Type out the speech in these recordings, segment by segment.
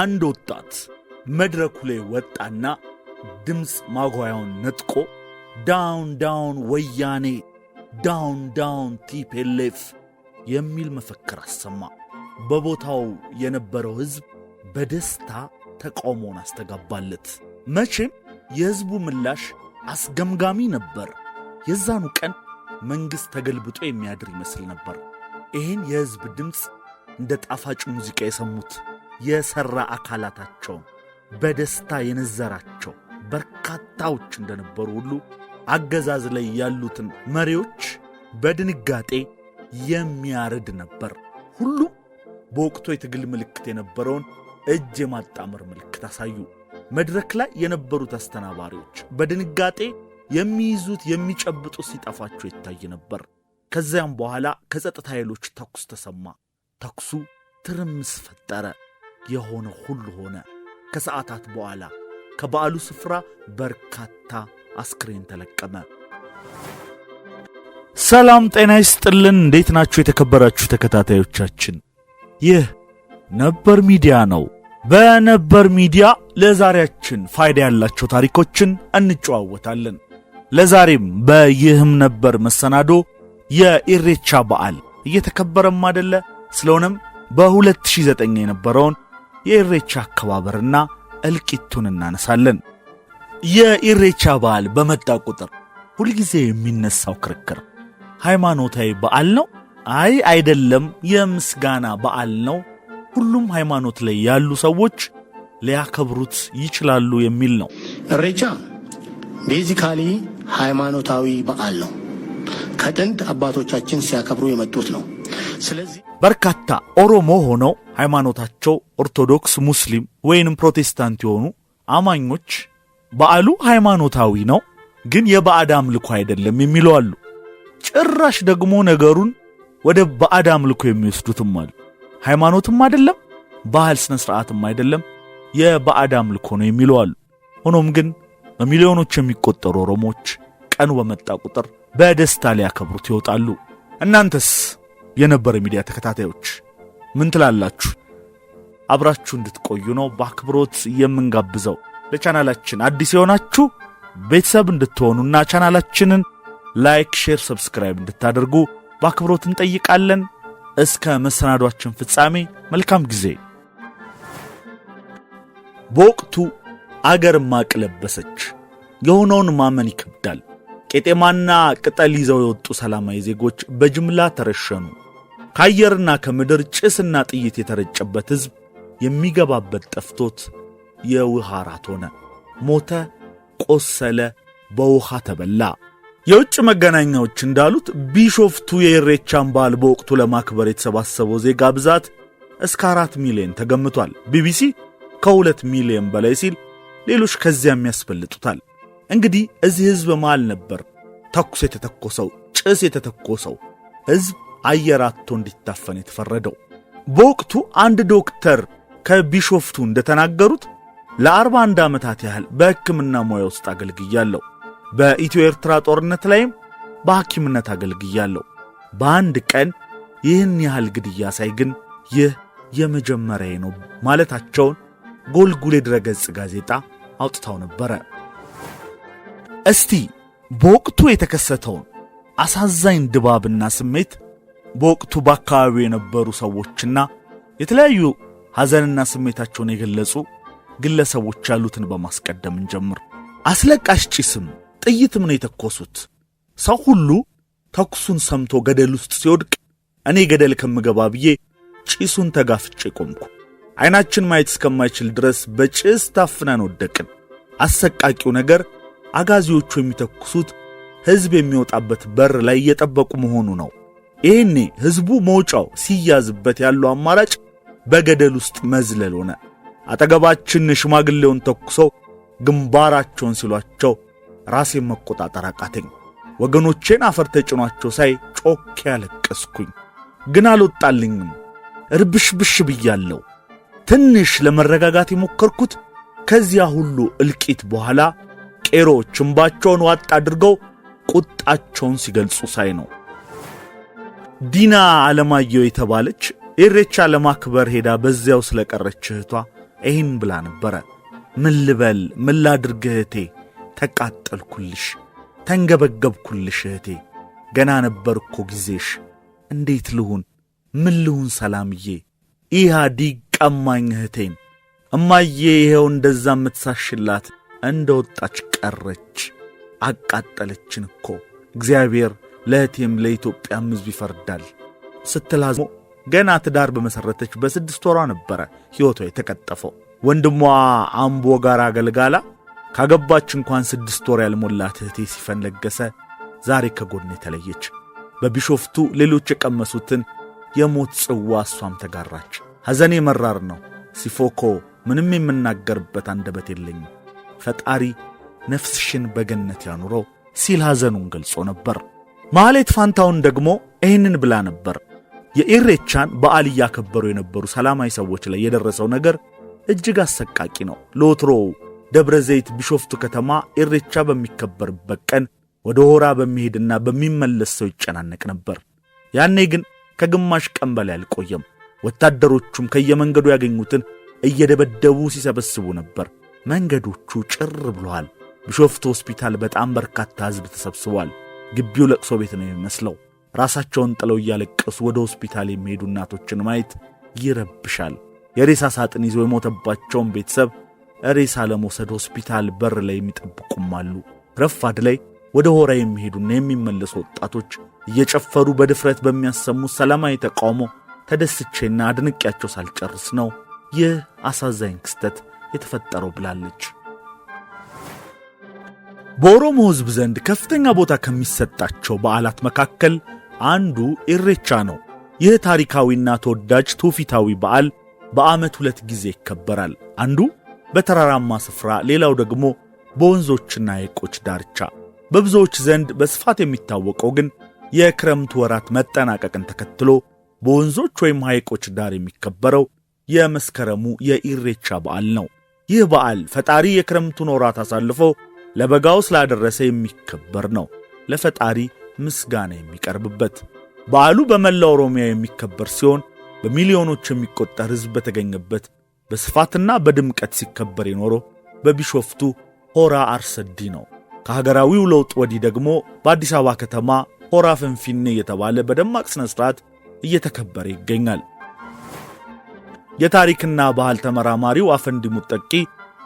አንድ ወጣት መድረኩ ላይ ወጣና ድምፅ ማጓያውን ነጥቆ ዳውን ዳውን ወያኔ፣ ዳውን ዳውን ቲፔሌፍ የሚል መፈክር አሰማ። በቦታው የነበረው ሕዝብ በደስታ ተቃውሞውን አስተጋባለት። መቼም የሕዝቡ ምላሽ አስገምጋሚ ነበር። የዛኑ ቀን መንግሥት ተገልብጦ የሚያድር ይመስል ነበር። ይህን የሕዝብ ድምፅ እንደ ጣፋጭ ሙዚቃ የሰሙት የሠራ አካላታቸውን በደስታ የነዘራቸው በርካታዎች እንደነበሩ ሁሉ አገዛዝ ላይ ያሉትን መሪዎች በድንጋጤ የሚያርድ ነበር። ሁሉም በወቅቱ የትግል ምልክት የነበረውን እጅ የማጣመር ምልክት አሳዩ። መድረክ ላይ የነበሩት አስተናባሪዎች በድንጋጤ የሚይዙት የሚጨብጡ ሲጠፋቸው ይታይ ነበር። ከዚያም በኋላ ከጸጥታ ኃይሎች ተኩስ ተሰማ። ተኩሱ ትርምስ ፈጠረ። የሆነ ሁሉ ሆነ። ከሰዓታት በኋላ ከበዓሉ ስፍራ በርካታ አስክሬን ተለቀመ። ሰላም ጤና ይስጥልን። እንዴት ናችሁ የተከበራችሁ ተከታታዮቻችን? ይህ ነበር ሚዲያ ነው። በነበር ሚዲያ ለዛሬያችን ፋይዳ ያላቸው ታሪኮችን እንጨዋወታለን። ለዛሬም በይህም ነበር መሰናዶ የኢሬቻ በዓል እየተከበረም አደለ። ስለሆነም በ2009 የነበረውን የኢሬቻ አከባበርና እልቂቱን እናነሳለን። የኢሬቻ በዓል በመጣ ቁጥር ሁልጊዜ የሚነሳው ክርክር ሃይማኖታዊ በዓል ነው፣ አይ አይደለም፣ የምስጋና በዓል ነው፣ ሁሉም ሃይማኖት ላይ ያሉ ሰዎች ሊያከብሩት ይችላሉ የሚል ነው። እሬቻ ቤዚካሊ ሃይማኖታዊ በዓል ነው። ከጥንት አባቶቻችን ሲያከብሩ የመጡት ነው። ስለዚህ በርካታ ኦሮሞ ሆነው ሃይማኖታቸው ኦርቶዶክስ፣ ሙስሊም ወይንም ፕሮቴስታንት የሆኑ አማኞች በዓሉ ሃይማኖታዊ ነው ግን የባዕድ አምልኮ አይደለም የሚለው አሉ። ጭራሽ ደግሞ ነገሩን ወደ ባዕድ አምልኮ የሚወስዱትም አሉ። ሃይማኖትም አይደለም ባህል ስነ ስርዓትም አይደለም የባዕድ አምልኮ ነው የሚለው አሉ። ሆኖም ግን በሚሊዮኖች የሚቆጠሩ ኦሮሞዎች ቀኑ በመጣ ቁጥር በደስታ ሊያከብሩት ይወጣሉ። እናንተስ የነበረ ሚዲያ ተከታታዮች ምን ትላላችሁ? አብራችሁ እንድትቆዩ ነው በአክብሮት የምንጋብዘው። ለቻናላችን አዲስ የሆናችሁ ቤተሰብ እንድትሆኑና ቻናላችንን ላይክ፣ ሼር፣ ሰብስክራይብ እንድታደርጉ በአክብሮት እንጠይቃለን። እስከ መሰናዷችን ፍጻሜ መልካም ጊዜ። በወቅቱ አገር ማቅ ለበሰች። የሆነውን ማመን ይከብዳል። ቄጤማና ቅጠል ይዘው የወጡ ሰላማዊ ዜጎች በጅምላ ተረሸኑ። ከአየርና ከምድር ጭስና ጥይት የተረጨበት ሕዝብ የሚገባበት ጠፍቶት የውሃ ራት ሆነ። ሞተ፣ ቆሰለ፣ በውሃ ተበላ። የውጭ መገናኛዎች እንዳሉት ቢሾፍቱ የኢሬቻን በዓል በወቅቱ ለማክበር የተሰባሰበው ዜጋ ብዛት እስከ አራት ሚሊዮን ተገምቷል። ቢቢሲ ከሁለት ሚሊዮን በላይ ሲል ሌሎች ከዚያም ያስፈልጡታል። እንግዲህ እዚህ ሕዝብ መሃል ነበር ተኩስ የተተኮሰው ጭስ የተተኮሰው ሕዝብ አየር አጥቶ እንዲታፈን የተፈረደው። በወቅቱ አንድ ዶክተር ከቢሾፍቱ እንደተናገሩት ለ41 ዓመታት ያህል በሕክምና ሙያ ውስጥ አገልግያለሁ። በኢትዮ ኤርትራ ጦርነት ላይም በሐኪምነት አገልግያለሁ። በአንድ ቀን ይህን ያህል ግድያ ሳይ ግን ይህ የመጀመሪያዬ ነው ማለታቸውን ጎልጉሌ ድረገጽ ጋዜጣ አውጥታው ነበረ። እስቲ በወቅቱ የተከሰተውን አሳዛኝ ድባብና ስሜት በወቅቱ በአካባቢው የነበሩ ሰዎችና የተለያዩ ሐዘንና ስሜታቸውን የገለጹ ግለሰቦች ያሉትን በማስቀደም እንጀምር። አስለቃሽ ጭስም ጥይትም ነው የተኮሱት። ሰው ሁሉ ተኩሱን ሰምቶ ገደል ውስጥ ሲወድቅ እኔ ገደል ከምገባ ብዬ ጭሱን ተጋፍጬ ቆምኩ። ዐይናችን ማየት እስከማይችል ድረስ በጭስ ታፍነን ወደቅን። አሰቃቂው ነገር አጋዚዎቹ የሚተኩሱት ሕዝብ የሚወጣበት በር ላይ እየጠበቁ መሆኑ ነው። ይህኔ ሕዝቡ መውጫው ሲያዝበት ያለው አማራጭ በገደል ውስጥ መዝለል ሆነ። አጠገባችን ሽማግሌውን ተኩሰው ግንባራቸውን ሲሏቸው ራሴን መቆጣጠር አቃተኝ። ወገኖቼን አፈር ተጭኗቸው ሳይ ጮክ ያለቀስኩኝ፣ ግን አልወጣልኝም። እርብሽብሽ ብያለሁ። ትንሽ ለመረጋጋት የሞከርኩት ከዚያ ሁሉ እልቂት በኋላ ቄሮች እምባቸውን ዋጥ አድርገው ቁጣቸውን ሲገልጹ ሳይ ነው። ዲና አለማየሁ የተባለች ኢሬቻ ለማክበር ሄዳ በዚያው ስለቀረች እህቷ ይህን ብላ ነበረ። ምን ልበል ምን ላድርግ እህቴ፣ ተቃጠልኩልሽ፣ ተንገበገብኩልሽ እህቴ፣ ገና ነበር እኮ ጊዜሽ። እንዴት ልሁን ምን ልሁን ሰላምዬ፣ ኢህአዲግ ቀማኝ እህቴን። እማዬ ይኸው እንደዛ የምትሳሽላት እንደ ወጣች ቀረች። አቃጠለችን እኮ እግዚአብሔር ለእህቴም ለኢትዮጵያም ሕዝብ ይፈርዳል ስትላዝሞ ገና ትዳር በመሠረተች በስድስት ወሯ ነበረ ሕይወቷ የተቀጠፈው። ወንድሟ አምቦ ጋር አገልጋላ ካገባች እንኳን ስድስት ወር ያልሞላት እህቴ ሲፈን ለገሰ ዛሬ ከጎን የተለየች በቢሾፍቱ ሌሎች የቀመሱትን የሞት ጽዋ እሷም ተጋራች። ሐዘኔ መራር ነው ሲፎኮ ምንም የምናገርበት አንደበት የለኝም፣ ፈጣሪ ነፍስሽን በገነት ያኑረው ሲል ሐዘኑን ገልጾ ነበር። ማሌት ፋንታውን ደግሞ ይህንን ብላ ነበር። የኢሬቻን በዓል እያከበሩ የነበሩ ሰላማዊ ሰዎች ላይ የደረሰው ነገር እጅግ አሰቃቂ ነው። ለወትሮው ደብረ ዘይት ቢሾፍቱ ከተማ ኢሬቻ በሚከበርበት ቀን ወደ ሆራ በሚሄድና በሚመለስ ሰው ይጨናነቅ ነበር። ያኔ ግን ከግማሽ ቀን በላይ አልቆየም። ወታደሮቹም ከየመንገዱ ያገኙትን እየደበደቡ ሲሰበስቡ ነበር። መንገዶቹ ጭር ብለዋል። ቢሾፍቱ ሆስፒታል በጣም በርካታ ሕዝብ ተሰብስቧል። ግቢው ለቅሶ ቤት ነው የሚመስለው። ራሳቸውን ጥለው እያለቀሱ ወደ ሆስፒታል የሚሄዱ እናቶችን ማየት ይረብሻል። የሬሳ ሳጥን ይዞ የሞተባቸውን ቤተሰብ ሬሳ ለመውሰድ ሆስፒታል በር ላይ የሚጠብቁም አሉ። ረፋድ ላይ ወደ ሆራ የሚሄዱና የሚመለሱ ወጣቶች እየጨፈሩ በድፍረት በሚያሰሙት ሰላማዊ ተቃውሞ ተደስቼና አድንቄያቸው ሳልጨርስ ነው ይህ አሳዛኝ ክስተት የተፈጠረው ብላለች። በኦሮሞ ሕዝብ ዘንድ ከፍተኛ ቦታ ከሚሰጣቸው በዓላት መካከል አንዱ ኢሬቻ ነው። ይህ ታሪካዊና ተወዳጅ ትውፊታዊ በዓል በዓመት ሁለት ጊዜ ይከበራል። አንዱ በተራራማ ስፍራ፣ ሌላው ደግሞ በወንዞችና ሐይቆች ዳርቻ። በብዙዎች ዘንድ በስፋት የሚታወቀው ግን የክረምት ወራት መጠናቀቅን ተከትሎ በወንዞች ወይም ሐይቆች ዳር የሚከበረው የመስከረሙ የኢሬቻ በዓል ነው። ይህ በዓል ፈጣሪ የክረምቱን ወራት አሳልፈው ለበጋው ስላደረሰ የሚከበር ነው። ለፈጣሪ ምስጋና የሚቀርብበት በዓሉ በመላ ኦሮሚያ የሚከበር ሲሆን በሚሊዮኖች የሚቆጠር ሕዝብ በተገኘበት በስፋትና በድምቀት ሲከበር የኖረው በቢሾፍቱ ሆራ አርሰዲ ነው። ከሀገራዊው ለውጥ ወዲህ ደግሞ በአዲስ አበባ ከተማ ሆራ ፍንፊኔ እየተባለ በደማቅ ሥነ ሥርዓት እየተከበረ ይገኛል። የታሪክና ባህል ተመራማሪው አፈንዲ ሙጠቂ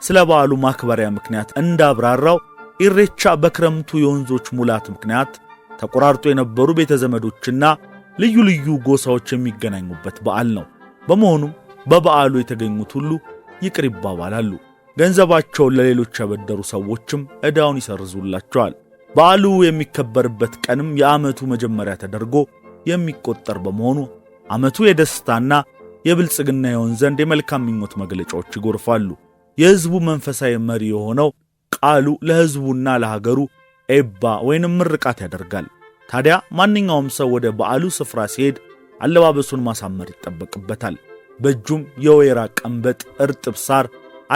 ስለ በዓሉ ማክበሪያ ምክንያት እንዳብራራው ኢሬቻ በክረምቱ የወንዞች ሙላት ምክንያት ተቆራርጦ የነበሩ ቤተ ዘመዶችና ልዩ ልዩ ጎሳዎች የሚገናኙበት በዓል ነው። በመሆኑም በበዓሉ የተገኙት ሁሉ ይቅር ይባባላሉ። ገንዘባቸውን ለሌሎች ያበደሩ ሰዎችም ዕዳውን ይሰርዙላቸዋል። በዓሉ የሚከበርበት ቀንም የዓመቱ መጀመሪያ ተደርጎ የሚቆጠር በመሆኑ ዓመቱ የደስታና የብልጽግና የሆን ዘንድ የመልካም ምኞት መግለጫዎች ይጎርፋሉ። የሕዝቡ መንፈሳዊ መሪ የሆነው ቃሉ ለሕዝቡና ለሀገሩ ኤባ ወይንም ምርቃት ያደርጋል። ታዲያ ማንኛውም ሰው ወደ በዓሉ ስፍራ ሲሄድ አለባበሱን ማሳመር ይጠበቅበታል። በእጁም የወይራ ቀንበጥ፣ እርጥብ ሳር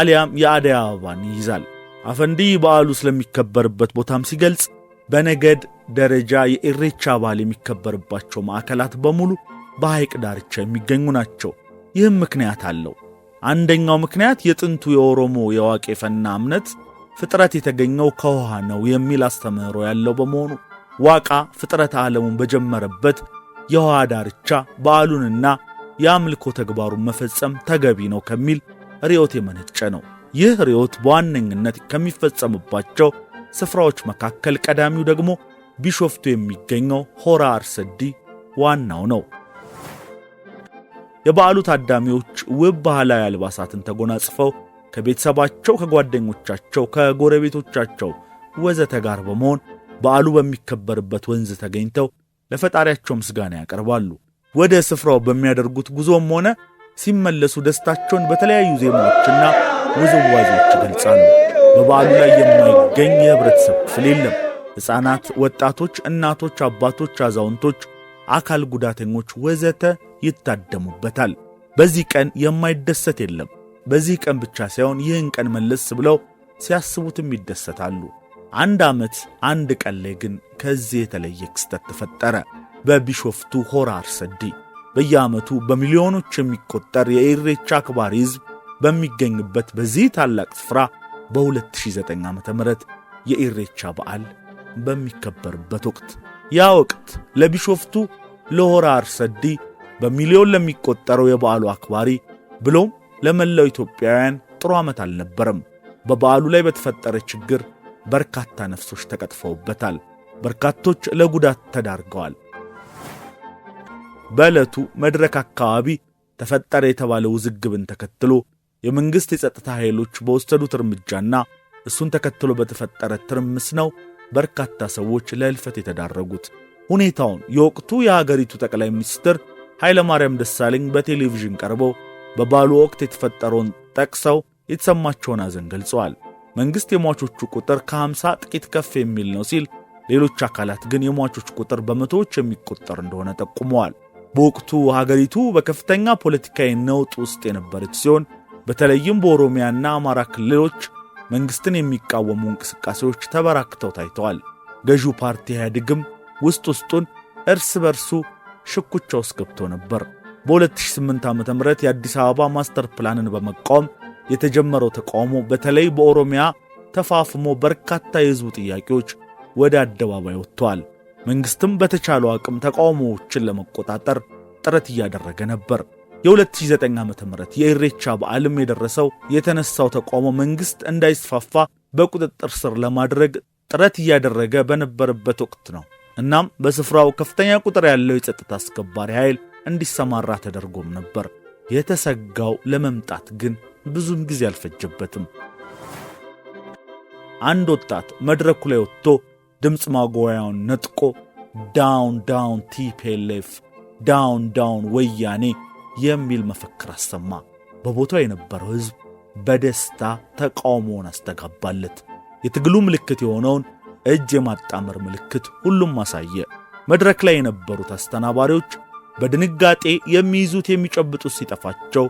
አሊያም የአደይ አበባን ይይዛል። አፈንዲ በዓሉ ስለሚከበርበት ቦታም ሲገልጽ በነገድ ደረጃ የኢሬቻ በዓል የሚከበርባቸው ማዕከላት በሙሉ በሐይቅ ዳርቻ የሚገኙ ናቸው። ይህም ምክንያት አለው። አንደኛው ምክንያት የጥንቱ የኦሮሞ የዋቄ ፈና እምነት ፍጥረት የተገኘው ከውሃ ነው የሚል አስተምህሮ ያለው በመሆኑ ዋቃ ፍጥረት ዓለሙን በጀመረበት የውሃ ዳርቻ በዓሉንና የአምልኮ ተግባሩን መፈጸም ተገቢ ነው ከሚል ርዮት የመነጨ ነው። ይህ ርዮት በዋነኝነት ከሚፈጸምባቸው ስፍራዎች መካከል ቀዳሚው ደግሞ ቢሾፍቱ የሚገኘው ሆራ አርሰዲ ዋናው ነው። የበዓሉ ታዳሚዎች ውብ ባህላዊ አልባሳትን ተጎናጽፈው ከቤተሰባቸው፣ ከጓደኞቻቸው፣ ከጎረቤቶቻቸው ወዘተ ጋር በመሆን በዓሉ በሚከበርበት ወንዝ ተገኝተው ለፈጣሪያቸው ምስጋና ያቀርባሉ። ወደ ስፍራው በሚያደርጉት ጉዞም ሆነ ሲመለሱ ደስታቸውን በተለያዩ ዜማዎችና ውዝዋዜዎች ይገልጻሉ። በበዓሉ ላይ የማይገኝ የህብረተሰብ ክፍል የለም። ሕፃናት፣ ወጣቶች፣ እናቶች፣ አባቶች፣ አዛውንቶች፣ አካል ጉዳተኞች ወዘተ ይታደሙበታል። በዚህ ቀን የማይደሰት የለም። በዚህ ቀን ብቻ ሳይሆን ይህን ቀን መለስ ብለው ሲያስቡትም ይደሰታሉ። አንድ ዓመት አንድ ቀን ላይ ግን ከዚህ የተለየ ክስተት ተፈጠረ በቢሾፍቱ ሆራ አርሰዲ። በየዓመቱ በሚሊዮኖች የሚቆጠር የኢሬቻ አክባሪ ሕዝብ በሚገኝበት በዚህ ታላቅ ስፍራ በ2009 ዓ ም የኢሬቻ በዓል በሚከበርበት ወቅት ያ ወቅት ለቢሾፍቱ ለሆራ አርሰዲ በሚሊዮን ለሚቆጠረው የበዓሉ አክባሪ ብሎም ለመላው ኢትዮጵያውያን ጥሩ ዓመት አልነበረም። በበዓሉ ላይ በተፈጠረ ችግር በርካታ ነፍሶች ተቀጥፈውበታል። በርካቶች ለጉዳት ተዳርገዋል። በዕለቱ መድረክ አካባቢ ተፈጠረ የተባለ ውዝግብን ተከትሎ የመንግሥት የጸጥታ ኃይሎች በወሰዱት እርምጃና እሱን ተከትሎ በተፈጠረ ትርምስ ነው በርካታ ሰዎች ለሕልፈት የተዳረጉት። ሁኔታውን የወቅቱ የአገሪቱ ጠቅላይ ሚኒስትር ኃይለማርያም ደሳለኝ በቴሌቪዥን ቀርበው በባሉ ወቅት የተፈጠረውን ጠቅሰው የተሰማቸውን አዘን ገልጸዋል። መንግሥት የሟቾቹ ቁጥር ከ50 ጥቂት ከፍ የሚል ነው ሲል፣ ሌሎች አካላት ግን የሟቾች ቁጥር በመቶዎች የሚቆጠር እንደሆነ ጠቁመዋል። በወቅቱ ሀገሪቱ በከፍተኛ ፖለቲካዊ ነውጥ ውስጥ የነበረች ሲሆን በተለይም በኦሮሚያና አማራ ክልሎች መንግሥትን የሚቃወሙ እንቅስቃሴዎች ተበራክተው ታይተዋል። ገዢው ፓርቲ ኢህአዴግም ውስጥ ውስጡን እርስ በርሱ ሽኩቻ ውስጥ ገብቶ ነበር። በ2008 ዓ ም የአዲስ አበባ ማስተር ፕላንን በመቃወም የተጀመረው ተቃውሞ በተለይ በኦሮሚያ ተፋፍሞ በርካታ የሕዝቡ ጥያቄዎች ወደ አደባባይ ወጥተዋል። መንግሥትም በተቻለው አቅም ተቃውሞዎችን ለመቆጣጠር ጥረት እያደረገ ነበር። የ2009 ዓ ም የኢሬቻ በዓልም የደረሰው የተነሳው ተቃውሞ መንግሥት እንዳይስፋፋ በቁጥጥር ስር ለማድረግ ጥረት እያደረገ በነበረበት ወቅት ነው። እናም በስፍራው ከፍተኛ ቁጥር ያለው የጸጥታ አስከባሪ ኃይል እንዲሰማራ ተደርጎም ነበር። የተሰጋው ለመምጣት ግን ብዙም ጊዜ አልፈጀበትም። አንድ ወጣት መድረኩ ላይ ወጥቶ ድምፅ ማጓያውን ነጥቆ ዳውን ዳውን ቲፒኤልኤፍ ዳውን ዳውን ወያኔ የሚል መፈክር አሰማ። በቦታው የነበረው ሕዝብ በደስታ ተቃውሞውን አስተጋባለት። የትግሉ ምልክት የሆነውን እጅ የማጣመር ምልክት ሁሉም አሳየ። መድረክ ላይ የነበሩት አስተናባሪዎች በድንጋጤ የሚይዙት የሚጨብጡት ሲጠፋቸው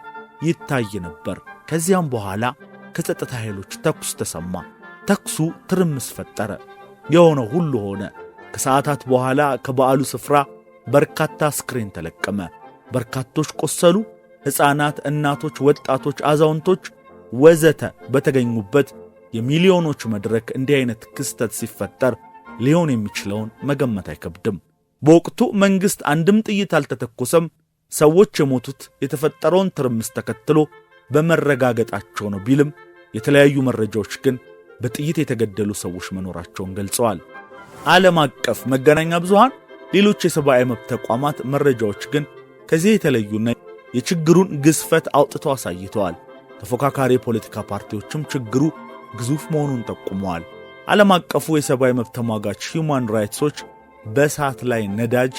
ይታይ ነበር። ከዚያም በኋላ ከጸጥታ ኃይሎች ተኩስ ተሰማ። ተኩሱ ትርምስ ፈጠረ። የሆነው ሁሉ ሆነ። ከሰዓታት በኋላ ከበዓሉ ስፍራ በርካታ አስክሬን ተለቀመ። በርካቶች ቆሰሉ። ሕፃናት፣ እናቶች፣ ወጣቶች፣ አዛውንቶች ወዘተ በተገኙበት የሚሊዮኖቹ መድረክ እንዲህ አይነት ክስተት ሲፈጠር ሊሆን የሚችለውን መገመት አይከብድም። በወቅቱ መንግሥት አንድም ጥይት አልተተኮሰም። ሰዎች የሞቱት የተፈጠረውን ትርምስ ተከትሎ በመረጋገጣቸው ነው ቢልም የተለያዩ መረጃዎች ግን በጥይት የተገደሉ ሰዎች መኖራቸውን ገልጸዋል። ዓለም አቀፍ መገናኛ ብዙሃን፣ ሌሎች የሰብአዊ መብት ተቋማት መረጃዎች ግን ከዚህ የተለዩና የችግሩን ግዝፈት አውጥተው አሳይተዋል። ተፎካካሪ የፖለቲካ ፓርቲዎችም ችግሩ ግዙፍ መሆኑን ጠቁመዋል። ዓለም አቀፉ የሰብአዊ መብት ተሟጋች ሂውማን ራይትሶች ዎች በእሳት ላይ ነዳጅ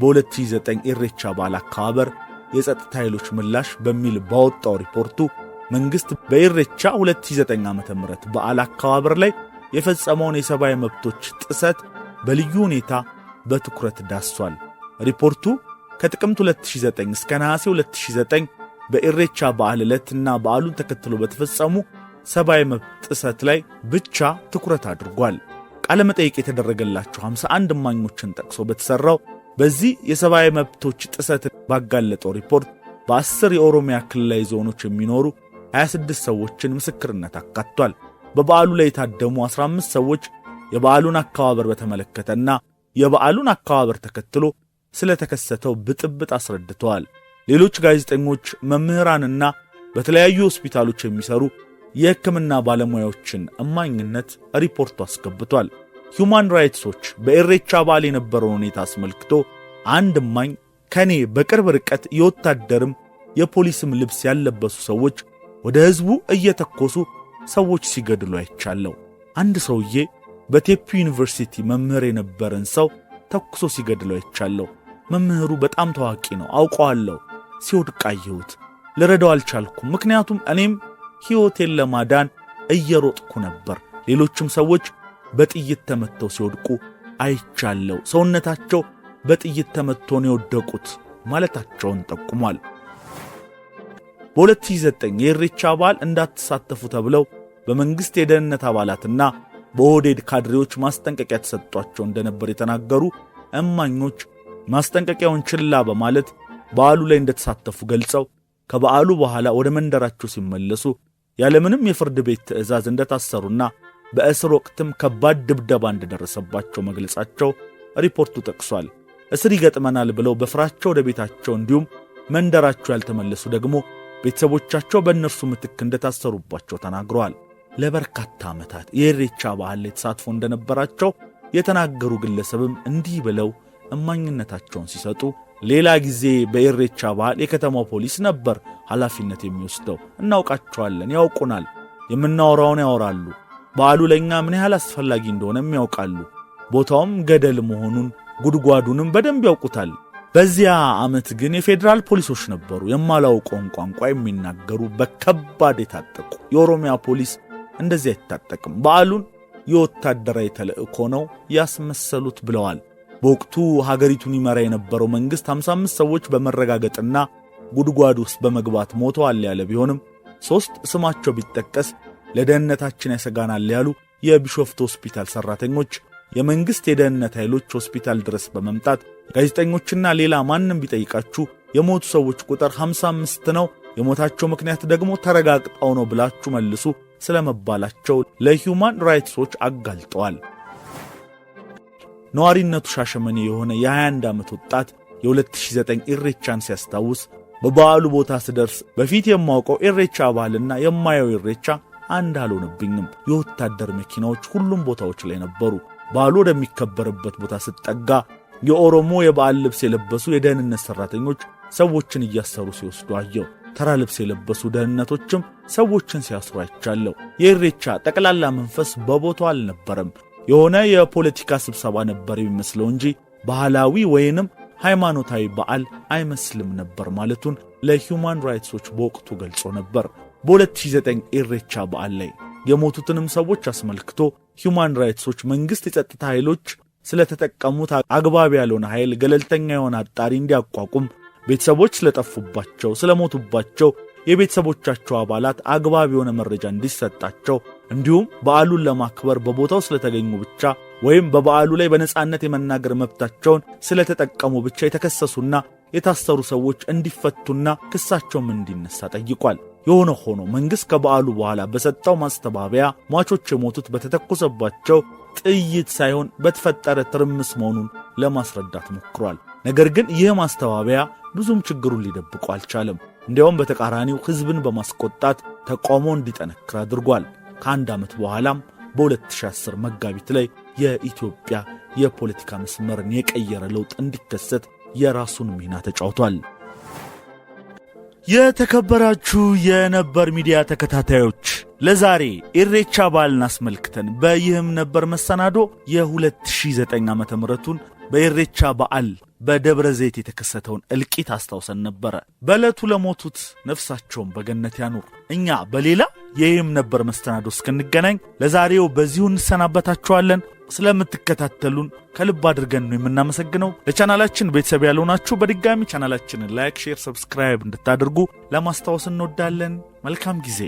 በ2009 ኢሬቻ በዓል አከባበር የጸጥታ ኃይሎች ምላሽ በሚል ባወጣው ሪፖርቱ መንግሥት በኢሬቻ 2009 ዓ ም በዓል አከባበር ላይ የፈጸመውን የሰብአዊ መብቶች ጥሰት በልዩ ሁኔታ በትኩረት ዳስሷል። ሪፖርቱ ከጥቅምት 2009 እስከ ነሐሴ 2009 በኢሬቻ በዓል ዕለትና በዓሉን ተከትሎ በተፈጸሙ ሰብአዊ መብት ጥሰት ላይ ብቻ ትኩረት አድርጓል። ቃለ መጠይቅ የተደረገላቸው 51 እማኞችን ጠቅሶ በተሠራው በዚህ የሰብአዊ መብቶች ጥሰት ባጋለጠው ሪፖርት በአስር የኦሮሚያ ክልላዊ ዞኖች የሚኖሩ 26 ሰዎችን ምስክርነት አካቷል። በበዓሉ ላይ የታደሙ 15 ሰዎች የበዓሉን አከባበር በተመለከተና የበዓሉን አከባበር ተከትሎ ስለተከሰተው ብጥብጥ አስረድተዋል። ሌሎች ጋዜጠኞች፣ መምህራንና በተለያዩ ሆስፒታሎች የሚሰሩ የሕክምና ባለሙያዎችን እማኝነት ሪፖርቱ አስገብቷል። ሁማን ራይትሶች ዎች በኢሬቻ በዓል የነበረውን ሁኔታ አስመልክቶ አንድ እማኝ ከኔ በቅርብ ርቀት የወታደርም የፖሊስም ልብስ ያለበሱ ሰዎች ወደ ሕዝቡ እየተኮሱ ሰዎች ሲገድሉ አይቻለሁ። አንድ ሰውዬ በቴፒ ዩኒቨርሲቲ መምህር የነበረን ሰው ተኩሶ ሲገድሉ አይቻለሁ። መምህሩ በጣም ታዋቂ ነው፣ አውቀዋለሁ። ሲወድቅ አየሁት። ልረዳው አልቻልኩም። ምክንያቱም እኔም ሕይወቴን ለማዳን እየሮጥኩ ነበር። ሌሎችም ሰዎች በጥይት ተመተው ሲወድቁ አይቻለሁ። ሰውነታቸው በጥይት ተመትቶ ነው የወደቁት ማለታቸውን ጠቁሟል። በ2009 የኢሬቻ በዓል እንዳትሳተፉ ተብለው በመንግሥት የደህንነት አባላትና በኦህዴድ ካድሬዎች ማስጠንቀቂያ ተሰጥቷቸው እንደነበር የተናገሩ እማኞች ማስጠንቀቂያውን ችላ በማለት በዓሉ ላይ እንደተሳተፉ ገልጸው ከበዓሉ በኋላ ወደ መንደራቸው ሲመለሱ ያለምንም የፍርድ ቤት ትዕዛዝ እንደታሰሩና በእስር ወቅትም ከባድ ድብደባ እንደደረሰባቸው መግለጻቸው ሪፖርቱ ጠቅሷል። እስር ይገጥመናል ብለው በፍራቸው ወደ ቤታቸው እንዲሁም መንደራቸው ያልተመለሱ ደግሞ ቤተሰቦቻቸው በእነርሱ ምትክ እንደታሰሩባቸው ተናግረዋል። ለበርካታ ዓመታት የኢሬቻ ባህል ላይ ተሳትፎ እንደነበራቸው የተናገሩ ግለሰብም እንዲህ ብለው እማኝነታቸውን ሲሰጡ ሌላ ጊዜ በኢሬቻ በዓል የከተማው ፖሊስ ነበር ኃላፊነት የሚወስደው። እናውቃቸዋለን፣ ያውቁናል፣ የምናወራውን ያወራሉ። በዓሉ ለእኛ ምን ያህል አስፈላጊ እንደሆነም ያውቃሉ። ቦታውም ገደል መሆኑን ጉድጓዱንም በደንብ ያውቁታል። በዚያ ዓመት ግን የፌዴራል ፖሊሶች ነበሩ፣ የማላውቀውን ቋንቋ የሚናገሩ በከባድ የታጠቁ። የኦሮሚያ ፖሊስ እንደዚህ አይታጠቅም። በዓሉን የወታደራዊ ተልእኮ ነው ያስመሰሉት ብለዋል። በወቅቱ ሀገሪቱን ይመራ የነበረው መንግሥት 55 ሰዎች በመረጋገጥና ጉድጓድ ውስጥ በመግባት ሞተዋል ያለ ቢሆንም ሦስት ስማቸው ቢጠቀስ ለደህንነታችን ያሰጋናል ያሉ የቢሾፍት ሆስፒታል ሠራተኞች የመንግሥት የደህንነት ኃይሎች ሆስፒታል ድረስ በመምጣት ጋዜጠኞችና ሌላ ማንም ቢጠይቃችሁ የሞቱ ሰዎች ቁጥር 55 ነው፣ የሞታቸው ምክንያት ደግሞ ተረጋግጠው ነው ብላችሁ መልሱ ስለመባላቸው ለሂውማን ራይትስ ዎች አጋልጠዋል። ነዋሪነቱ ሻሸመኔ የሆነ የ21 ዓመት ወጣት የ2009 ኢሬቻን ሲያስታውስ በበዓሉ ቦታ ስደርስ በፊት የማውቀው ኢሬቻ ባህልና የማየው ኢሬቻ አንድ አልሆነብኝም። የወታደር መኪናዎች ሁሉም ቦታዎች ላይ ነበሩ። በዓሉ ወደሚከበርበት ቦታ ስጠጋ የኦሮሞ የበዓል ልብስ የለበሱ የደህንነት ሠራተኞች ሰዎችን እያሰሩ ሲወስዱ አየው። ተራ ልብስ የለበሱ ደህንነቶችም ሰዎችን ሲያስሩ አይቻለሁ። የኢሬቻ ጠቅላላ መንፈስ በቦታው አልነበረም። የሆነ የፖለቲካ ስብሰባ ነበር የሚመስለው እንጂ ባህላዊ ወይንም ሃይማኖታዊ በዓል አይመስልም ነበር ማለቱን ለሁማን ራይትሶች በወቅቱ ገልጾ ነበር። በ2009 ኢሬቻ በዓል ላይ የሞቱትንም ሰዎች አስመልክቶ ሁማን ራይትሶች መንግሥት የጸጥታ ኃይሎች ስለተጠቀሙት አግባብ ያልሆነ ኃይል ገለልተኛ የሆነ አጣሪ እንዲያቋቁም፣ ቤተሰቦች ስለጠፉባቸው ስለሞቱባቸው የቤተሰቦቻቸው አባላት አግባብ የሆነ መረጃ እንዲሰጣቸው እንዲሁም በዓሉን ለማክበር በቦታው ስለተገኙ ብቻ ወይም በበዓሉ ላይ በነጻነት የመናገር መብታቸውን ስለተጠቀሙ ብቻ የተከሰሱና የታሰሩ ሰዎች እንዲፈቱና ክሳቸውም እንዲነሳ ጠይቋል። የሆነ ሆኖ መንግሥት ከበዓሉ በኋላ በሰጠው ማስተባበያ ሟቾች የሞቱት በተተኮሰባቸው ጥይት ሳይሆን በተፈጠረ ትርምስ መሆኑን ለማስረዳት ሞክሯል። ነገር ግን ይህ ማስተባበያ ብዙም ችግሩን ሊደብቁ አልቻለም። እንዲያውም በተቃራኒው ሕዝብን በማስቆጣት ተቃውሞ እንዲጠነክር አድርጓል። ከአንድ ዓመት በኋላም በ2010 መጋቢት ላይ የኢትዮጵያ የፖለቲካ መስመርን የቀየረ ለውጥ እንዲከሰት የራሱን ሚና ተጫውቷል። የተከበራችሁ የነበር ሚዲያ ተከታታዮች ለዛሬ ኢሬቻ በዓልን አስመልክተን በይህም ነበር መሰናዶ የ2009 ዓ.ም በኢሬቻ በዓል በደብረ ዘይት የተከሰተውን እልቂት አስታውሰን ነበረ። በዕለቱ ለሞቱት ነፍሳቸውን በገነት ያኑር። እኛ በሌላ የይም ነበር መስተናዶ እስክንገናኝ ለዛሬው በዚሁ እንሰናበታችኋለን። ስለምትከታተሉን ከልብ አድርገን ነው የምናመሰግነው። ለቻናላችን ቤተሰብ ያልሆናችሁ በድጋሚ ቻናላችንን ላይክ፣ ሼር፣ ሰብስክራይብ እንድታደርጉ ለማስታወስ እንወዳለን። መልካም ጊዜ